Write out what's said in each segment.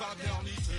modernité.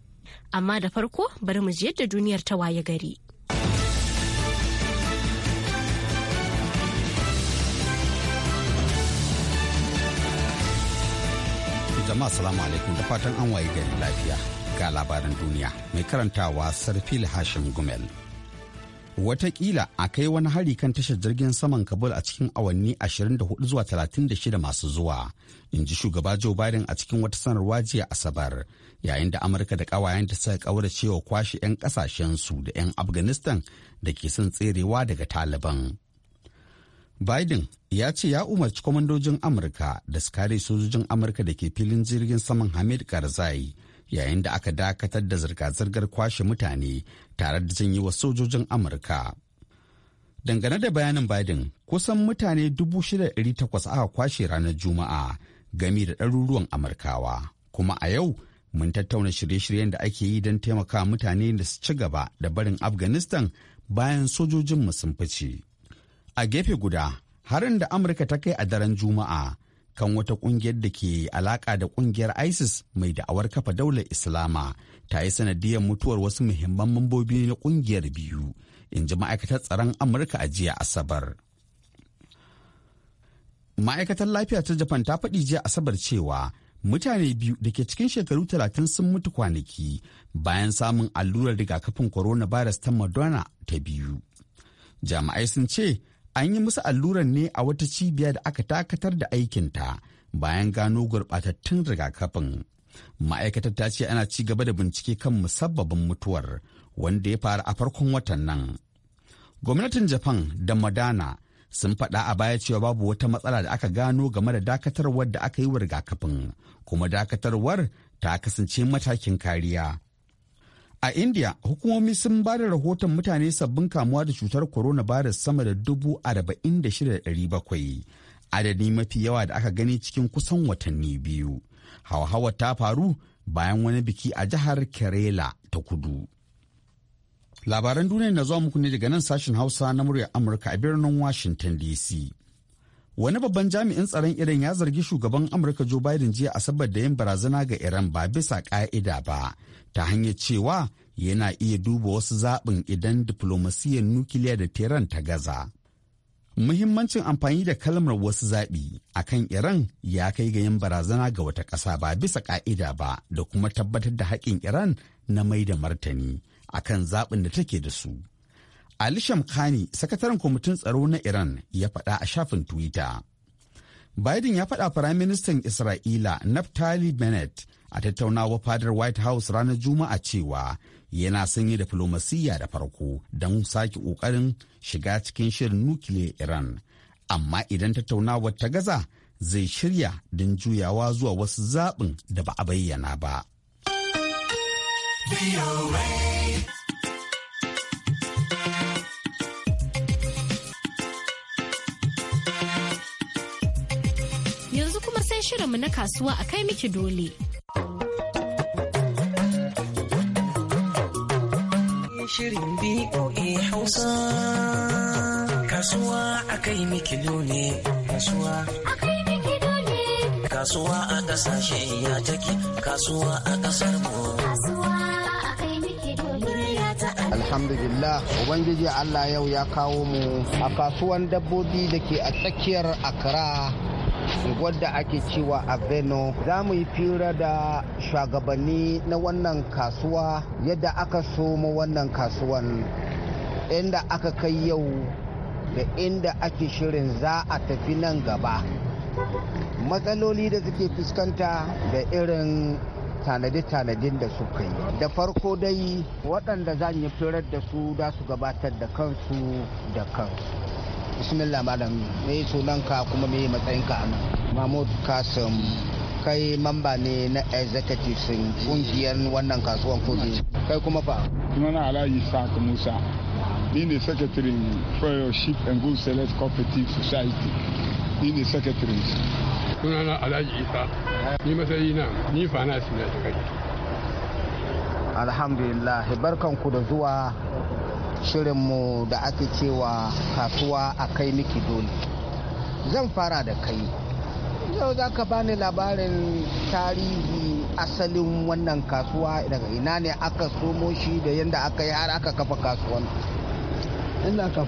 amma da farko bari mu yadda duniyar ta waye gari. Jama'a salamu alaikum da fatan an waye gari lafiya ga labaran duniya mai karantawa Sarfil Hashim Gumel. Wataƙila a kai wani hari kan tashar jirgin saman Kabul a cikin awanni 24 zuwa 36 masu zuwa, in ji shugaba Joe Biden a cikin wata sanarwa jiya Asabar. yayin da amurka da ƙawayen da suka kaura cewa kwashe 'yan ƙasashensu da 'yan afghanistan da ke son tserewa daga taliban biden ya ce ya umarci kwamandojin amurka da su kare sojojin amurka da ke filin jirgin saman hamid karzai yayin da aka dakatar da zirga-zirgar kwashe mutane tare da yi wa sojojin amurka dangane da bayanin biden kusan mutane 6,800 aka kwashe ranar juma'a gami da ɗaruruwan amurkawa kuma a yau mun tattauna shirye-shiryen da ake yi don taimaka mutane da su ci gaba da barin afghanistan bayan sojojinmu sun fice a gefe guda harin da amurka ta kai a daren juma'a kan wata kungiyar da ke alaka da kungiyar isis mai da'awar kafa daular islama ta yi sanadiyar mutuwar wasu muhimman mambobi na kungiyar biyu in ji ma'aikatar tsaron amurka a jiya asabar ma'aikatar lafiya ta japan ta faɗi jiya asabar cewa mutane biyu da ke cikin shekaru talatin sun mutu kwanaki bayan samun allurar rigakafin coronavirus ta madonna ta biyu jami'ai sun ce an yi musu allurar ne a wata cibiya da aka dakatar da aikinta bayan gano gurɓatattun rigakafin ma'aikatar ta ce ana ci gaba da bincike kan musabbabin mutuwar wanda ya faru a farkon watan nan gwamnatin japan da madana sun faɗa a baya cewa babu wata matsala da aka gano game da dakatarwar da aka yi wa rigakafin kuma dakatarwar ta kasance matakin kariya a india hukumomi sun ba da rahoton mutane sabbin kamuwa da cutar corona coronavirus sama da dubu arba'in da shida da bakwai adadi mafi yawa da aka gani cikin kusan watanni biyu hauhawar ta faru bayan wani biki a jihar kerala ta kudu Labaran duniya na zuwa muku ne daga nan sashen Hausa na muryar Amurka a birnin Washington DC. Wani babban jami'in tsaron Iran ya zargi shugaban Amurka Joe Biden jiya Asabar da yin barazana ga Iran ba bisa ka'ida ba, ta hanyar cewa yana iya duba wasu zaɓin idan diflomasiyyar nukiliya da Tehran ta gaza. Muhimmancin amfani da kalmar wasu zaɓi a kan Iran ya kai ga yin barazana ga wata ƙasa ba bisa ka'ida ba da kuma tabbatar da haƙƙin Iran na mai da martani. a kan zaɓin da take da su. Ali Shamkhani, sakataren kwamitin tsaro na Iran, ya faɗa a shafin Twitter. Biden ya faɗa Firaministan Isra'ila Naftali Bennett a tattaunawa fadar White House ranar Juma'a cewa yana sanye da diflomasiyya da farko don sake ƙoƙarin shiga cikin shirin nukiliya Iran. Amma idan tattaunawar ta gaza zai shirya don juyawa zuwa wasu zaɓin da ba a bayyana ba. Yanzu kuma sai shirinmu na kasuwa a kai miki dole. Shirin Hausa Kasuwa a kai ya take Kasuwa a kasar mu alhamdulillah ubangiji allah yau ya kawo mu a kasuwan dabbobi da ke a tsakiyar accra da ake cewa aveno za mu yi fira da shugabanni na wannan kasuwa yadda aka so mu wannan kasuwan inda aka kai yau da inda ake shirin za a tafi nan gaba matsaloli da suke fuskanta da irin tanade-tanadin da suka yi da farko dai waɗanda za yi firar da su da su gabatar da kansu da kansu bismillah ne me sunanka kuma me matsayin ka nan mahmud kasim kai mamba ne na executive kungiyar wannan kasuwan kudi kai kuma fa sunana alhaji sa'ad musa ni ne secretary for ship and goods select cooperative society ni ne secretary sunana alhaji isa ni matsayi na ni fana su ne kai alhamdulillah barkanku da zuwa shirinmu da ake cewa kasuwa a kai miki dole zan fara da kai yau za ka bani labarin tarihi asalin wannan kasuwa daga ina ne aka somo shi da yadda aka yi har aka kafa kasuwan inda aka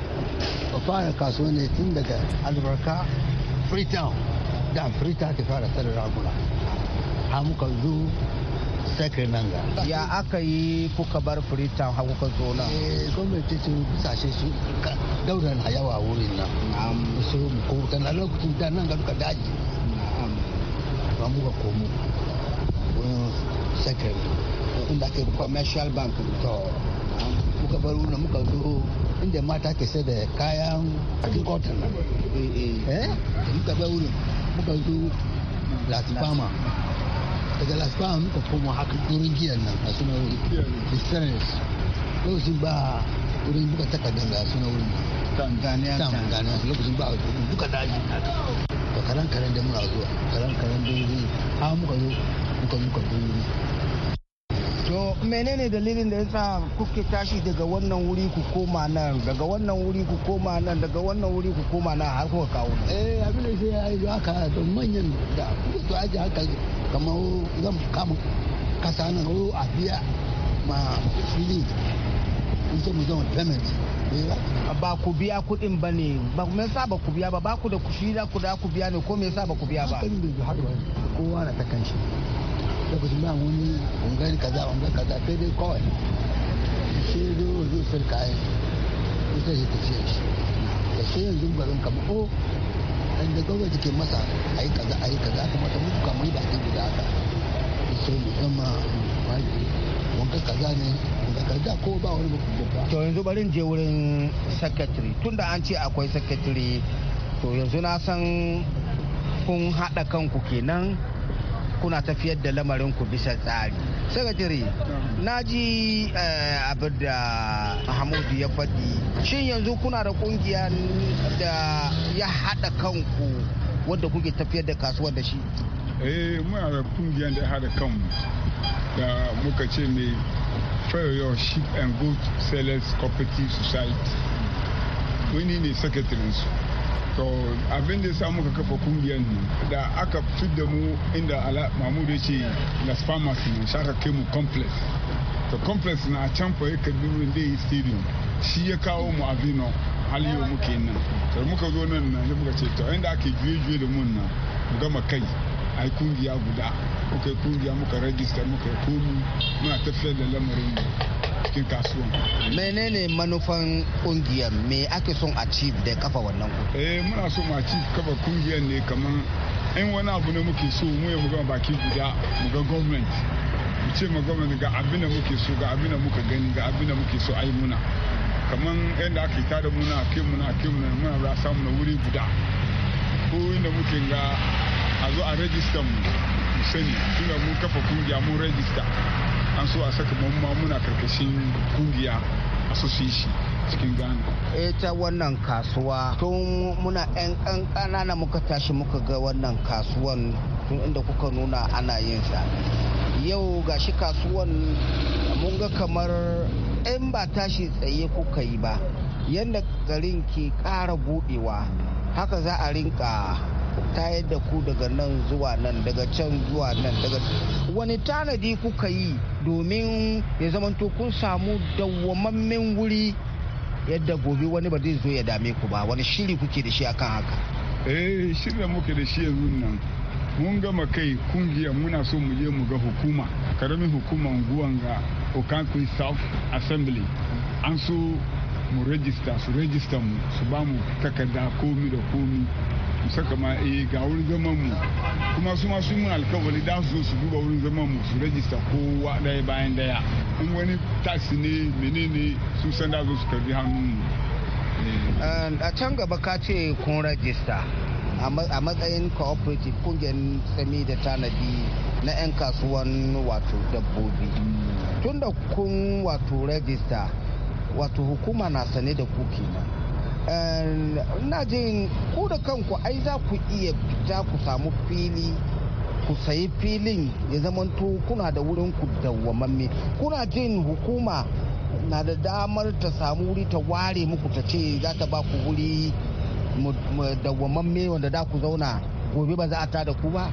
fara kasuwa ne tun daga albarka freetown da afirka ta fara sarar raguna har muka zo sakin nan ga ya aka yi kuka bar freetown har kuka zo nan eh gwamnati sun sashe su daura na yawa wurin nan na'am so mu ko na lokacin da nan ga duka daji na'am ba mu ga komo wurin sakin inda ke commercial bank to muka bar wurin muka zo inda mata ke sai da kayan agriculture nan eh eh eh muka bar wurin muka zo lasfama daga lasfama muka koma haka wurin giyan nan a suna wuri distance lokacin ba wurin buka takardar da suna wurin tanzania tanzania lokacin ba wurin buka daji ba karan karan da muna zuwa karan karan da wuri har muka zo muka muka zo wuri To menene dalilin da yasa kuke tashi daga wannan wuri ku koma nan daga wannan wuri ku koma nan daga wannan wuri ku koma nan har kuka kawo? Eh abin da sai ya yi haka da manyan da to aje haka kamar zan kama kasa nan ko a biya ma fili in ce mu zama payment ba ku biya kudin ba ne ba me yasa ba ku biya ba ba ku da kushi za ku da ku biya ne ko me yasa ba ku biya ba kowa na ta shi. da gudunmawa wani ungari kaza ungari kaza sai dai kawai shi dai wanzu sai kayan ita ce ta ce shi da sai yanzu garin kama o da gaba ke masa a yi kaza a yi kaza kuma ta mutu kamar da ake guda haka sai mu zama wajibi wanka kaza ne wanka kaza ko ba wani ba. to yanzu barin je wurin secretary tunda an ce akwai secretary to yanzu na san kun haɗa kanku kenan kuna tafiyar da lamarin ku bisa tsari sakatare mm. na ji eh, abin da hamudu ya faɗi shin yanzu kuna da ƙungiya da ya haɗa kanku wadda kuke tafiyar da kasuwar da shi eh muna da ƙungiya da ya haɗa kanmu da muka ce mai Fayoyo Ship and Good Sellers Cooperative Society wani ne sakatarinsu to abin da ya sa muka kafa kungiyar da aka da mu inda mahmud ya ce las palmas ne shaka kai mu complex to complex na can fa ka karbi da yi stadium shi ya kawo mu abino hali yau muke nan to muka zo nan na muka ce to inda ake juye-juye da mun nan mu gama kai ai kungiya guda muka yi kungiya muka rajista muka yi komi muna tafiyar da lamarin mu cikin kasuwan. menene manufan kungiyar me ake son a ci da kafa wannan kungiyar eh muna son a ci kafa kungiyar ne kamar in wani abu ne muke so mu ya muga baki guda muga government mu ce ma gwamnati ga abin da muke so ga abin da muka gani ga abin da muke so ai muna kamar yadda ake tada muna ke muna ke muna muna za samu na wuri guda ko inda muke ga a zo a rajista mu sani tunda mun kafa kungiya mun rajista an so a saka mamma muna karkashin kungiya association cikin Ghana. Ita wannan kasuwa tun muna 'yan ƙanƙana na muka tashi muka ga wannan kasuwan tun inda kuka nuna ana yin sa. Yau gashi kasuwan mun ga kamar 'yan ba tashi tsaye kuka yi ba. Yadda garin ke ƙara budewa haka za a rinka tayar da ku daga nan zuwa nan daga can zuwa nan daga wani tanadi kuka yi domin ya zamanto kun samu dawwamammen wuri yadda gobe wani ba zai zo ya dame ku ba wani shiri kuke da shi akan haka eh muke da shi yanzu nan mun gama kai kungiya muna so mu je mu ga hukuma karamin hukumar guwan ga okankwi south assembly an so mu rajista su rajista mu su ba mu takarda komi da komi saka ma eh ga wurin zaman mu kuma su ma sun mun alkawari da su su duba wurin zaman mu su rajista kowa daya bayan daya in wani taxi ne menene su san da su karbi hannun mu a can gaba ka ce kun rajista a matsayin cooperative kungiyar sami da tanadi na 'yan kasuwan wato dabbobi tun da kun wato rajista wato hukuma na sane da ku kenan ina jin ku da kanku ai za ku iya fita ku samu fili ku sayi filin ya zamanto kuna da wurin ku dawwamamme kuna jin hukuma na da damar ta samu wuri ta ware muku ta ce za ta ba ku wuri dawwamamme wanda da ku zauna gobe ba za a tada ku ba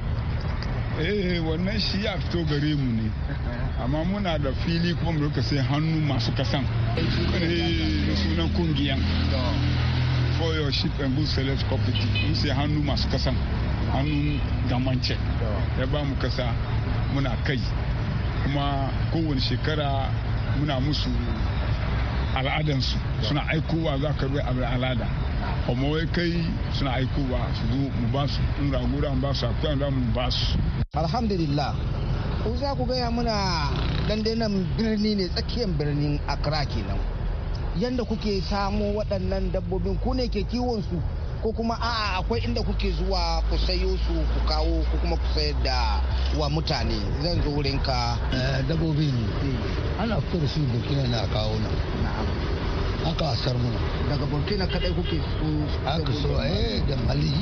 eh wannan shi a fito gare mu ne amma muna da fili kuma mu rika sai hannu masu kasan eh sunan kungiyan for your ship and good sellers property mun sai hannu masu kasan hannu gamance ya ba mu kasa muna kai kuma kowane shekara muna musu al'adansu suna aikowa za ka ruwa al'ada amma kai suna aikowa su mu ba su in ba su akwai da mu ba su alhamdulillah ku za ku gaya muna dandanan birni ne tsakiyar birnin accra kenan yadda kuke samo waɗannan dabbobin ku ne ke kiwon su ko kuma a'a akwai inda kuke zuwa ku sayo su ku kawo ko kuma ku sayar da wa mutane zan zo wurin eh, dabbobin ana fito da su burkina na kawo na aka asar mu daga burkina kadai kuke su aka so eh da mali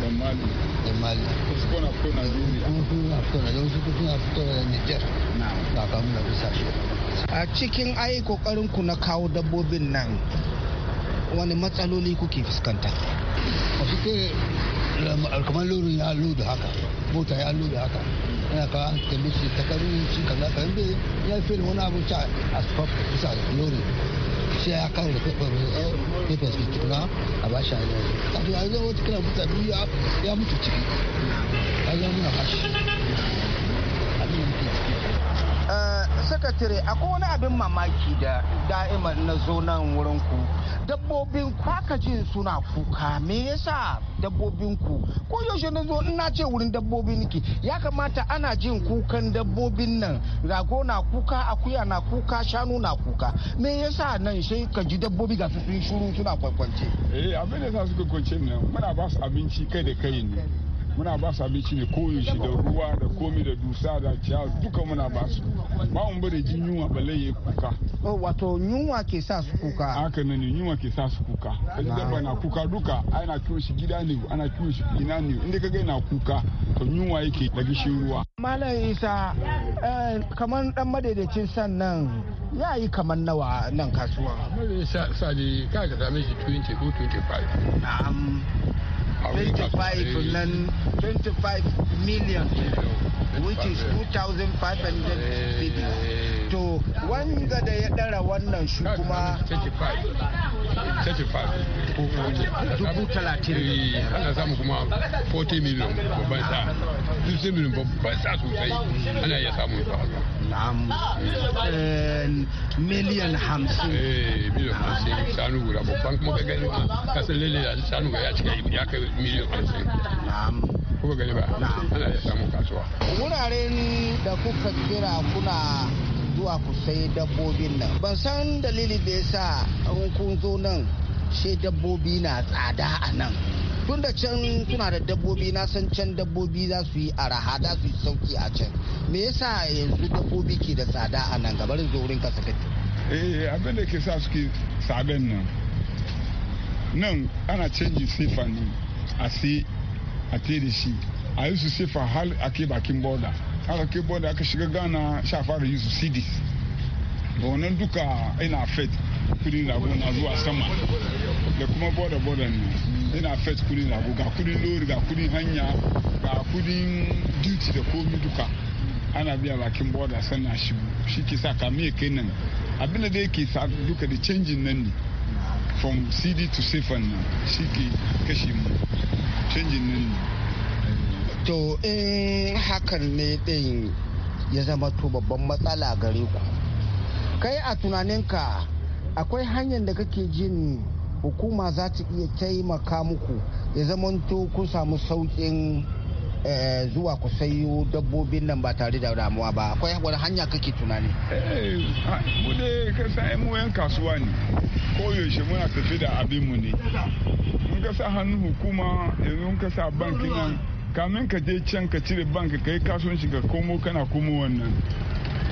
da mali da mali su kuna fito na duniya kuma kuna fito na don su kuna fito na niger na kamun da bisa shi a cikin ayi kokarin ku na kawo dabbobin nan wani matsaloli kuke fuskanta a suke eh, kamar lorin ya da haka mota ya da haka yana kawo an tambaye shi ta karu shi kaza kaza ya fi wani abu a asfaf bisa lorin sai ya kare da kai fefes ke tukuna a ba shi a yanzu kafin a yanzu wata kira mutane ya mutu ciki a yanzu muna bashi sakatare akwai wani abin mamaki da daima na zo nan wurin ku dabbobin ku suna kuka me yasa dabbobin ku ko yaushe na zo ina ce wurin dabbobi ki ya kamata ana jin kukan dabbobin nan rago na kuka akuya na kuka shanu na kuka me yasa nan sai ka ji dabbobi ga su sun shuru suna kwankwance. eh abin da za su kwance nan muna ba su abinci kai da kai ne muna ba su abinci ne koyaushe da ruwa da komi da dusa da ciyawa duka muna ba su ba mu bari jin yunwa balle ya kuka oh, wato yunwa ke sa su kuka haka nan ne yunwa ke sa su kuka kaji dabba na kuka duka ana kiwon shi gida ne ana kiwon shi ina ne inda kaga yana kuka to yunwa yake da gishin ruwa malam isa eh, kamar dan madaidaicin sannan ya yi kamar nawa nan kasuwa madaidaicin sa ne kaga same shi 20 ko 25 25 nan 25 million which is 2,500 cities to wanda da ya dara wannan shi kuma dubu talatin ana samu kuma 40 million babban sa 50 million babban sa sosai ana iya samun su haka na'am miliyan hamsin eh miliyan hamsin shanu guda babban kuma ka gani ba kasan lalle da shanu ya cika ya kai miliyan hamsin na'am kuka gani ba ana ya samun kasuwa wuraren da kuka kira kuna zuwa ku sai dabbobin nan ban san dalilin da sa kun zo nan sai dabbobi na tsada a nan tun da can suna da dabbobi na san can dabbobi za su yi araha za su yi sauki a can me yasa yanzu dabbobi ke da tsada a nan gabar zaurin kasa kake eh abin da ke sa suke tsadan nan nan ana canji sifa ne a si a te da shi a yi su sifa har a ke bakin boda aka ke boda aka shiga gana sha fara yi su sidis da wannan duka ina fet kudin rago na zuwa sama da kuma boda boda ne yana affect kudin rago ga kudin lori ga kudin hanya ga kudin duty da komi duka ana biya bakin border sannan shi shi ke sa ka miye kai nan abin da yake sa duka da changing nan ne from cd to sefan nan shi ke kashe mu changing nan ne to in hakan ne ɗin ya zama to babban matsala gare ku kai a tunaninka akwai hanyar da kake jin hukuma za ta iya taimaka muku ya zamanto kun samu sauƙin eh, zuwa ku sayo dabbobin nan ba tare da damuwa ba akwai wani hanya kake tunani eh, mu dai ka san mu yan kasuwa ne ko yaushe muna tafi da abin mu ne mun ka sa hannun hukuma yanzu ka sa banki nan kamin ka je can ka cire banki ka yi kasuwanci ka komo kana komo wannan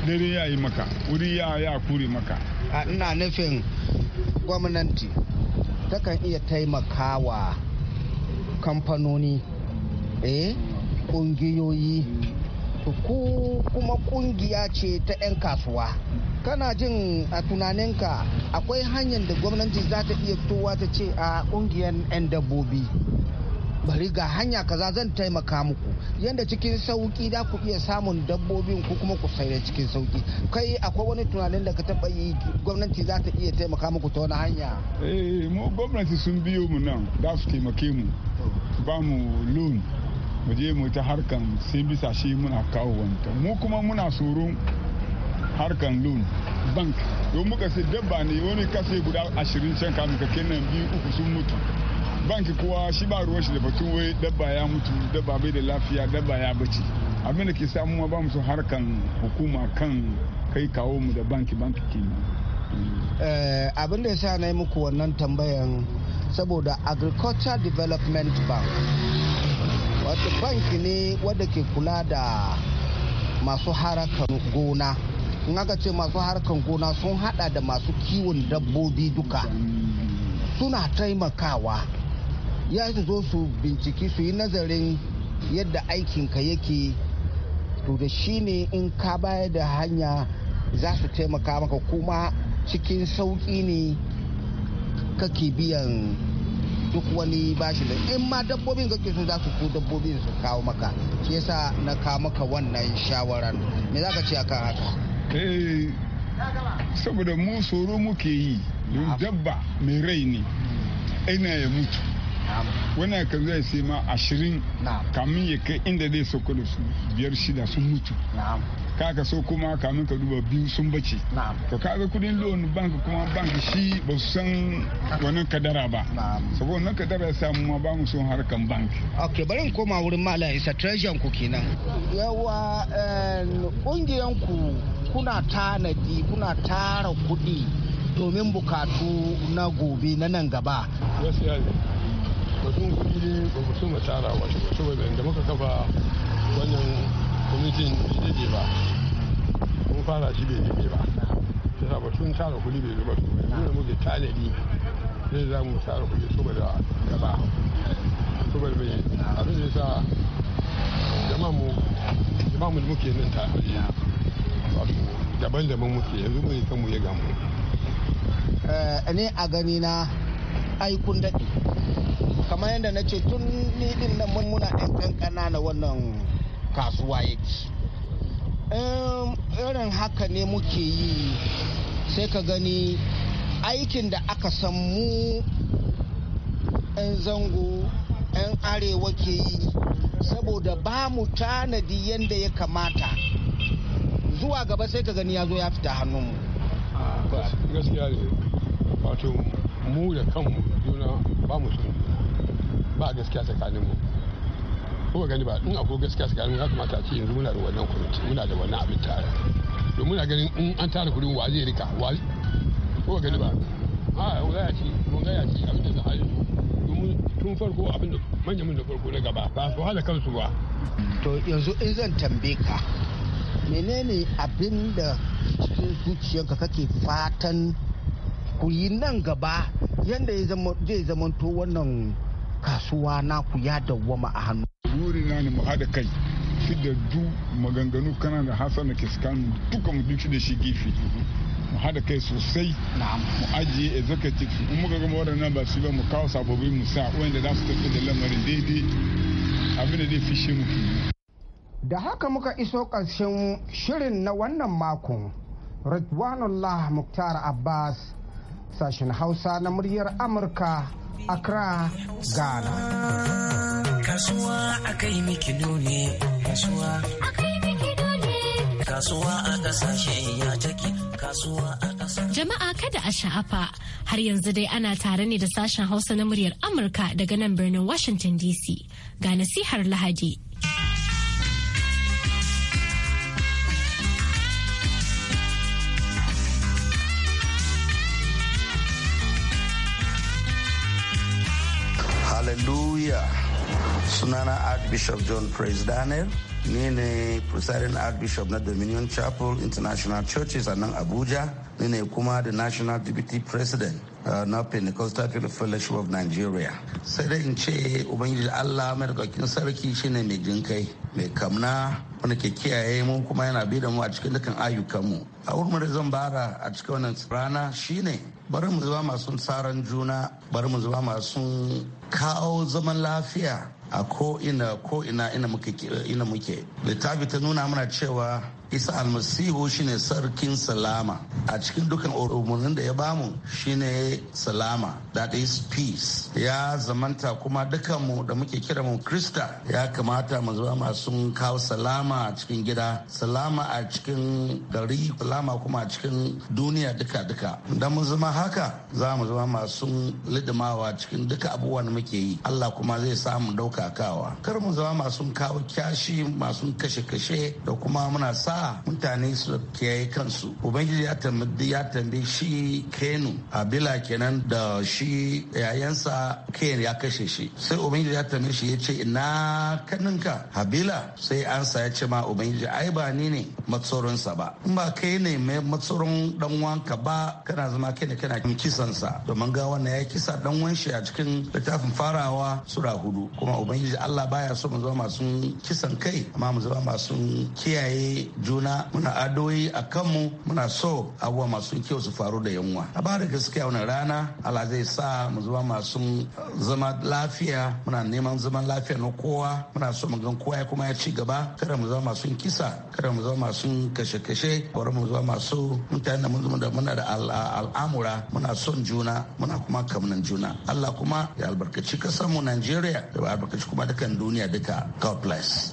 dare ya yi maka wuri ya ya kure maka ina nufin gwamnati takan iya taimakawa kamfanoni eh ƙungiyoyi ku kuma ƙungiya ce ta 'yan kasuwa kana jin a tunaninka akwai hanyar da gwamnati za ta iya fitowa ta ce a ƙungiyar 'yan dabbobi bari ga hanya kaza zan taimaka muku yadda cikin sauki za ku iya samun dabbobin ku kuma ku sayar cikin sauki kai akwai wani tunanin da ka taba yi gwamnati za ta iya taimaka muku ta wani hanya eh mu gwamnati sun biyo mu nan da su taimake mu ba mu loan mu je mu ta harkan sai bisa shi muna kawo wanta mu kuma muna tsoron harkan loan bank don muka sai dabba ne wani kasai guda ashirin can kamin ka kenan biyu uku sun mutu banki kuwa shi ba ruwan shi da batun wai dabba ya mutu dabba bai da lafiya dabba ya bace abin da ke samu ba mu harkan hukuma kan kai kawo mu da banki banki ke eh, abin da ya sa na yi muku wannan tambayan saboda agriculture development bank wato banki ne wadda ke kula da masu harakan gona in aka ce masu harkan gona sun hada da masu kiwon dabbobi duka suna taimakawa ya su zo su binciki su yi nazarin yadda aikinka yake to da shi ne in ka baya da hanya za su taimaka maka kuma cikin sauki ne kake biyan duk wani bashi da in ma dabbobin kake so za su ko dabbobin su kawo maka shi yasa na kawo maka wannan shawaran me za ka ce akan haka eh, saboda mu tsoro muke yi dabba mai rai ne ina ya mutu wannan ya zai sai ma ashirin kamin ya kai inda zai sauko da su biyar shida sun mutu kaka so kuma kamin ka duba biyu sun bace to kaga kudin loan bank kuma bank shi ba su san wannan kadara ba saboda wannan kadara ya samu ma ba mu son harkan bank ok bari in koma wurin malam isa treasure ku kenan yawa kungiyan eh, ku kuna tanadi kuna tara kudi domin bukatu na gobe na nan gaba batun kuɗi ba mutum so mu tara ba saboda da muka kafa wannan kwamitin bai ba mun fara shi bai daɗe ba ta sa batun tara kudi bai zuba su bai nuna muke tanadi zai za mu tara kudi su saboda gaba su saboda bai abin da ya sa jama'a mu da muke nan ta daban-daban muke yanzu mai kanmu ya gamu eh, ne a gani na aikun daɗi kamar yadda na ce tun ni din nan mun muna ɗan kankana na wannan kasuwa yake irin haka ne muke yi sai ka gani aikin da aka san mu 'yan zango 'yan arewa ke yi saboda ba mu tanadi yadda ya kamata zuwa gaba sai ka gani ya zo ya fita hannunmu ah, gaskiya ne wato mu da kanmu juna ba mu sun ba gaskiya tsakanin mu ko gani ba in akwai gaskiya tsakanin mu ya kamata ce yanzu muna da wannan kuɗi muna da wannan abin tare domin muna ganin in an tara kuri wa zai rika wa ko gani ba a waya ce waya ce abin da zai a domin tun farko abin da manyan mun da farko na gaba ba su hada kansu ba to yanzu in zan tambaye ka menene abin da cikin zuciyarka kake fatan ku yi nan gaba yadda zai zamanto wannan kasuwa na ku ya dawwama a hannu. na ne mu haɗa kai shi da du maganganu kana da hasan da kiskanu duka mu duk da shi gifi. mu haɗa kai sosai mu ajiye executive in muka gama waɗannan ba su ba mu kawo sababi mu sa wanda za su tafi da lamarin daidai abin da zai fishe mu da haka muka iso ƙarshen shirin na wannan makon Ridwanullah Muktar Abbas sashen Hausa na muryar Amurka Accra, Ghana. Kasuwa a kai miki kasuwa a miki Kasuwa a kasashen ya take, kasuwa a Jama'a kada a sha'afa har yanzu dai ana tare ne da sashen Hausa na muryar Amurka daga nan birnin Washington DC ga nasihar Lahadi. Hallelujah. Sunana Archbishop John Praise Daniel. Ni ne presiding Archbishop na Dominion Chapel International Churches a nan Abuja. Ni ne kuma the National Deputy President uh, na Pentecostal Fellowship of Nigeria. Sai dai in ce Ubangiji Allah madaukakin sarki shine mai jinkai, mai kamna wani ke kiyaye mu kuma yana bi da mu a cikin dukkan ayyukanmu. A wurin da zan bara a cikin wannan rana shine bari mu zuba masu tsaron juna bari mu zuba masu kawo zaman lafiya a ko ina ko ina muke littafi ta nuna mana cewa isa almasihu shine sarkin salama a cikin dukan umarnin da ya bamu shine salama that is peace ya zamanta kuma dukanmu da muke kira mu krista ya kamata mu zama masu kawo salama a cikin gida salama a cikin gari salama kuma a cikin duniya duka duka da mun zama haka za mu zama masu lidimawa cikin duka abubuwa da muke yi allah kuma zai samu daukakawa kar mu zama masu kawo kyashi masu kashe-kashe da kuma muna sa sa mutane su kiyaye kansu ubangiji ya tambaye shi kenu abila kenan da shi yayansa kayan ya kashe shi sai ubangiji ya tambaye shi ya ce ina kaninka habila sai ansa ya ce ma ubangiji ai ba ni ne matsoronsa ba in ba kai ne mai matsoron dan wanka ba kana zama kai ne kana kisansa domin ga wannan ya kisa dan wanshi a cikin littafin farawa sura hudu kuma ubangiji Allah baya so mu zama masu kisan kai amma mu zama masu kiyaye juna muna adoyi a kanmu muna so abubuwa masu kyau su faru da yunwa a ba da gaskiya wani rana Allah zai sa mu zama masu zama lafiya muna neman zaman lafiya na kowa muna so mu gan kowa kuma ya ci gaba kada mu zama masu kisa kada mu zama masu kashe-kashe bari mu zama masu mutane da mun da muna da al'amura muna son juna muna kuma kamnan juna Allah kuma ya albarkaci kasar mu Najeriya ya albarkaci kuma dukan duniya duka God bless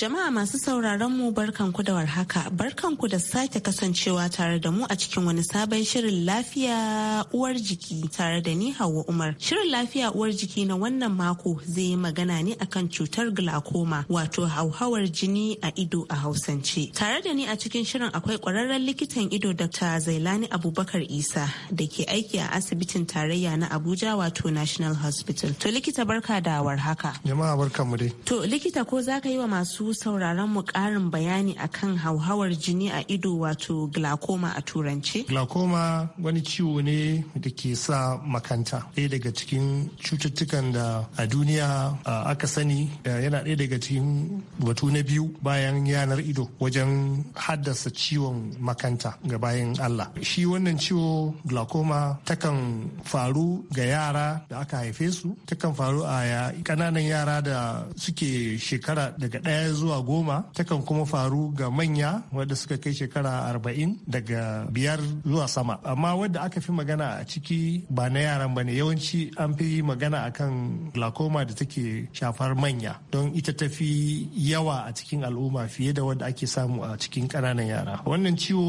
Jama'a masu sauraron mu barkanku da warhaka, barkanku da sake kasancewa tare da mu a cikin wani sabon shirin lafiya uwar jiki tare da ni Hauwa Umar. Shirin lafiya uwar jiki na wannan mako zai yi magana ne akan cutar glaucoma wato hauhawar jini a ido a Hausance. Tare da ni a cikin shirin akwai kwararren likitan ido Dr. Zailani Abubakar Isa da ke aiki a asibitin tarayya na Abuja wato National Hospital. To likita barka da warhaka. Jama'a barkanmu dai. To likita ko za ka yi wa masu masu sauraron mu karin bayani akan hauhawar jini a ido wato glaucoma a turance? Glaucoma wani ciwo ne da ke sa makanta. Ɗaya daga cikin cututtukan da a duniya aka sani yana ɗaya daga cikin batu na biyu bayan yanar ido wajen haddasa ciwon makanta ga bayan Allah. Shi wannan ciwo glaucoma takan faru ga yara da aka haife su, takan faru a ƙananan yara da suke shekara daga ɗaya zuwa goma takan kuma faru ga manya wadda suka kai shekara arba'in daga biyar zuwa sama amma wadda aka fi magana a ciki ba na yaran ba ne yawanci an fi magana akan glaucoma da take shafar manya don ita ta fi yawa a cikin al'umma fiye da wadda ake samu a cikin ƙananan yara wannan ciwo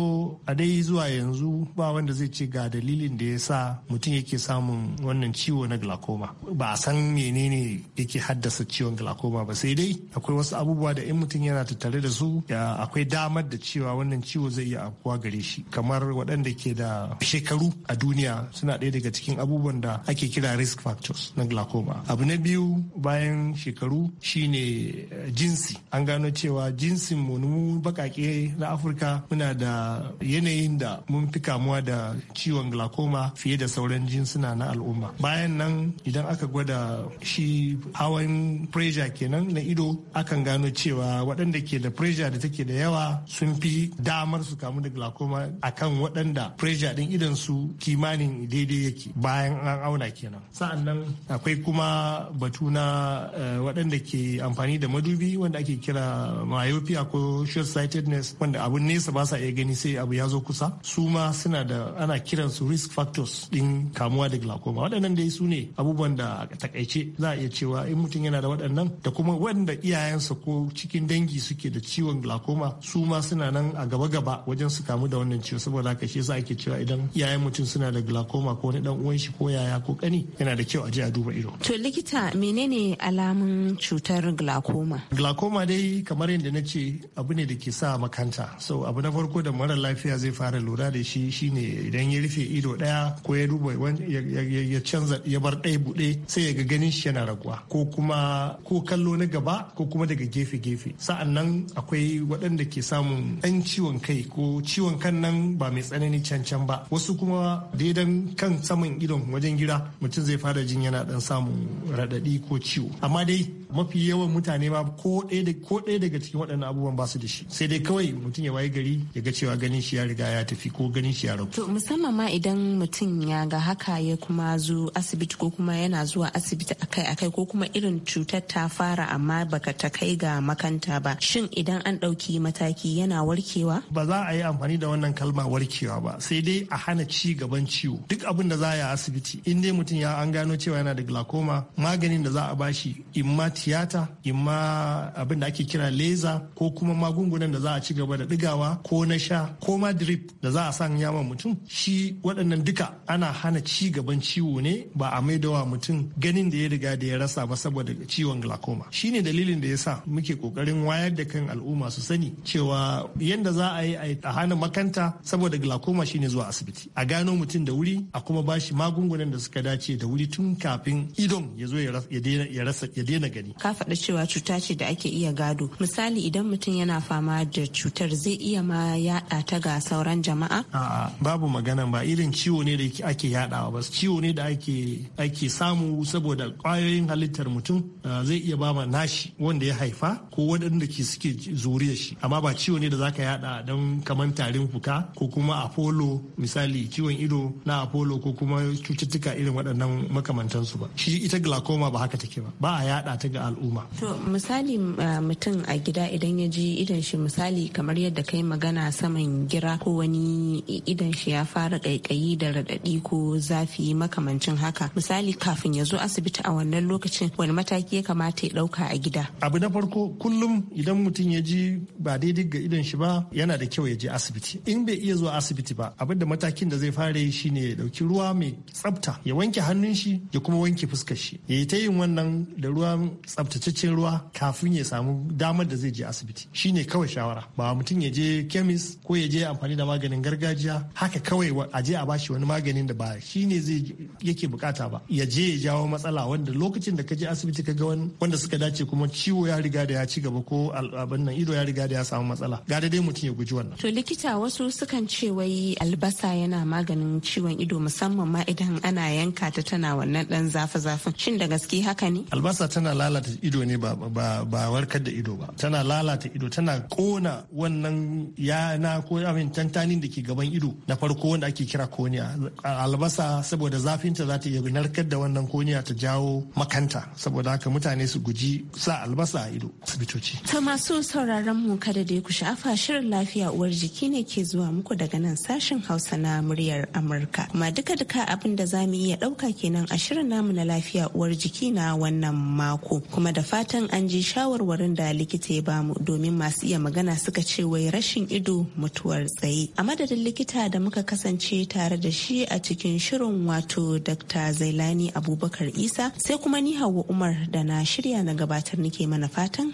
a dai zuwa yanzu ba wanda zai ce ga dalilin da ya sa mutum yake samun wannan ciwo na glaucoma ba a san menene yake haddasa ciwon glaucoma ba sai dai akwai wasu abubuwa da da in mutum yana tattare da su akwai damar da cewa wannan ciwo zai iya afkuwa gare shi kamar waɗanda ke da shekaru a duniya suna ɗaya daga cikin abubuwan da ake kira risk factors na glaucoma abu na biyu bayan shekaru shine eh, jinsi an gano cewa jinsin mu mu bakake na afirka muna da yanayin da mun fi kamuwa da ciwon glaucoma fiye da sauran jinsuna na al'umma bayan nan idan aka gwada shi hawan pressure kenan na ido akan gano cewa cewa waɗanda ke da pressure da take da yawa sun fi damar su kamu da glaucoma akan waɗanda pressure din idan su kimanin daidai yake bayan an auna kenan sa'annan akwai kuma batu na eh, waɗanda ke amfani da madubi wanda ake kira myopia ko short sightedness wanda abun nesa ba sa iya gani sai abu ya zo kusa su ma suna da ana kiransu risk factors din kamuwa da glaucoma waɗannan dai su ne abubuwan da a takaice za a iya cewa in mutum yana da waɗannan da kuma waɗanda iyayensa ko cikin dangi suke da ciwon glaucoma su ma suna nan a gaba-gaba wajen su kamu da wannan ciwon saboda haka shi yasa ake cewa idan yayan mutum suna da glaucoma ko wani dan uwan shi ko yaya ko kani yana da kyau a je a duba ido. To likita menene alamun cutar glaucoma? Glaucoma dai kamar yadda na ce abu ne da ke sa makanta. So abu na farko da mara lafiya zai fara lura da shi shine idan ya rufe ido daya ko ya duba ya canza ya bar ɗaya buɗe sai ya ga ganin shi yana raguwa ko kuma ko kallo na gaba ko kuma daga gefe gefe sa'an nan akwai waɗanda ke samun ɗan ciwon kai ko ciwon kan nan ba mai tsanani cancan ba wasu kuma daidan kan saman idon wajen gida mutum zai fara jin yana ɗan samun raɗaɗi ko ciwo amma dai mafi yawan mutane ba ko ɗaya daga cikin waɗannan abubuwan ba su da shi sai dai kawai mutum ya waye gari ya ga cewa ganin shi ya riga ya tafi ko ganin shi ya rabu. to musamman ma idan mutum ya ga haka ya kuma zo asibiti ko kuma yana zuwa asibiti akai-akai ko kuma irin cutar ta fara amma baka ta kai ga makanta ba shin idan an ɗauki mataki yana warkewa ba za a yi amfani da wannan kalma warkewa ba sai dai a hana ci gaban ciwo duk abin da za a yi a asibiti in dai mutum ya an gano cewa yana da glaucoma maganin da za a bashi imma tiyata imma abin da ake kira laser ko kuma magungunan da za a ci gaba da digawa ko na sha ko ma drip da za a san yaman mutum shi waɗannan duka ana hana ci gaban ciwo ne ba a maidawa mutum ganin da ya riga da ya rasa ba saboda ciwon glaucoma shine dalilin da yasa muke kokarin wayar da kan al'umma su sani cewa yadda za a yi a hana makanta saboda glaucoma shine zuwa asibiti a gano mutum da wuri a kuma ba shi magungunan da suka dace da wuri tun kafin idon ya zo ya daina gani ka faɗa cewa cuta ce da ake iya gado misali idan mutum yana fama da cutar zai iya ma yaɗa ta ga sauran jama'a a'a babu magana ba irin ciwo ne da ake yaɗawa ba ciwo ne da ake ake samu saboda kwayoyin halittar mutum eh, zai iya ba ma nashi wanda ya haifa ko waɗanda ke suke zuriyar shi amma ba ciwo ne da ka yada don kamar tarin fuka ko kuma apollo misali ciwon ido na apollo ko kuma cututtuka irin waɗannan makamantansu ba shi ita glaucoma ba haka take ba ba a yada ta ga al'umma to misali eh, mutum a gida idan ya ji idan shi misali kamar yadda kai magana saman gira ko wani idan shi ya fara kaikayi da raɗaɗi ko zafi makamancin haka misali kafin ya zo asibiti a wannan lokacin wani mataki ya kamata ya ɗauka a gida abu na farko kullum idan mutum ya ji ba daidai ga idon shi ba yana da kyau ya je asibiti in bai iya zuwa asibiti ba abin da matakin da zai fara yi shine ya dauki ruwa mai tsafta ya wanke hannun shi ya kuma wanke fuskar shi ya yi ta yin wannan da ruwa tsaftataccen ruwa kafin ya samu damar da zai je asibiti shine kawai shawara ba mutum ya je kemis ko ya je amfani da maganin gargajiya haka kawai a je a bashi wani maganin da ba shine zai yake bukata ba ya je ya jawo matsala wanda lokacin da ka je asibiti ka ga wanda suka dace kuma ciwo ya riga da ya ci gaba ko abin nan ido ya riga da ya samu matsala ga dai mutum ya guji wannan to likita wasu sukan ce wai albasa yana maganin ciwon ido musamman ma idan ana yanka ta tana wannan dan zafa zafin shin da gaske haka ne albasa tana lalata ido ne ba ba warkar da ido ba tana lalata ido tana kona wannan ya na ko amin tantanin da ke gaban ido na farko wanda ake kira konia albasa saboda zafinta za ta iya narkar da wannan koniya ta jawo makanta saboda haka mutane su guji sa albasa a ido asibitoci. Ta masu sauraron mu kada da ku sha'afa shirin lafiya uwar jiki ne ke zuwa muku daga nan sashen Hausa na muryar Amurka. Kuma duka duka abin da zamu iya ɗauka kenan a shirin namu na lafiya uwar jiki na wannan mako. Kuma da fatan an ji shawarwarin da likita ya bamu domin masu iya magana suka ce wai rashin ido mutuwar tsaye. A madadin likita da muka kasance tare da shi a cikin shirin wato Dr. Zailani Abubakar Isa sai kuma ni Hauwa Umar da na shirya na gabatar nake mana fatan